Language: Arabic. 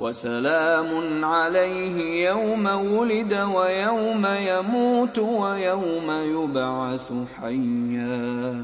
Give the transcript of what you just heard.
وسلام عليه يوم ولد ويوم يموت ويوم يبعث حيا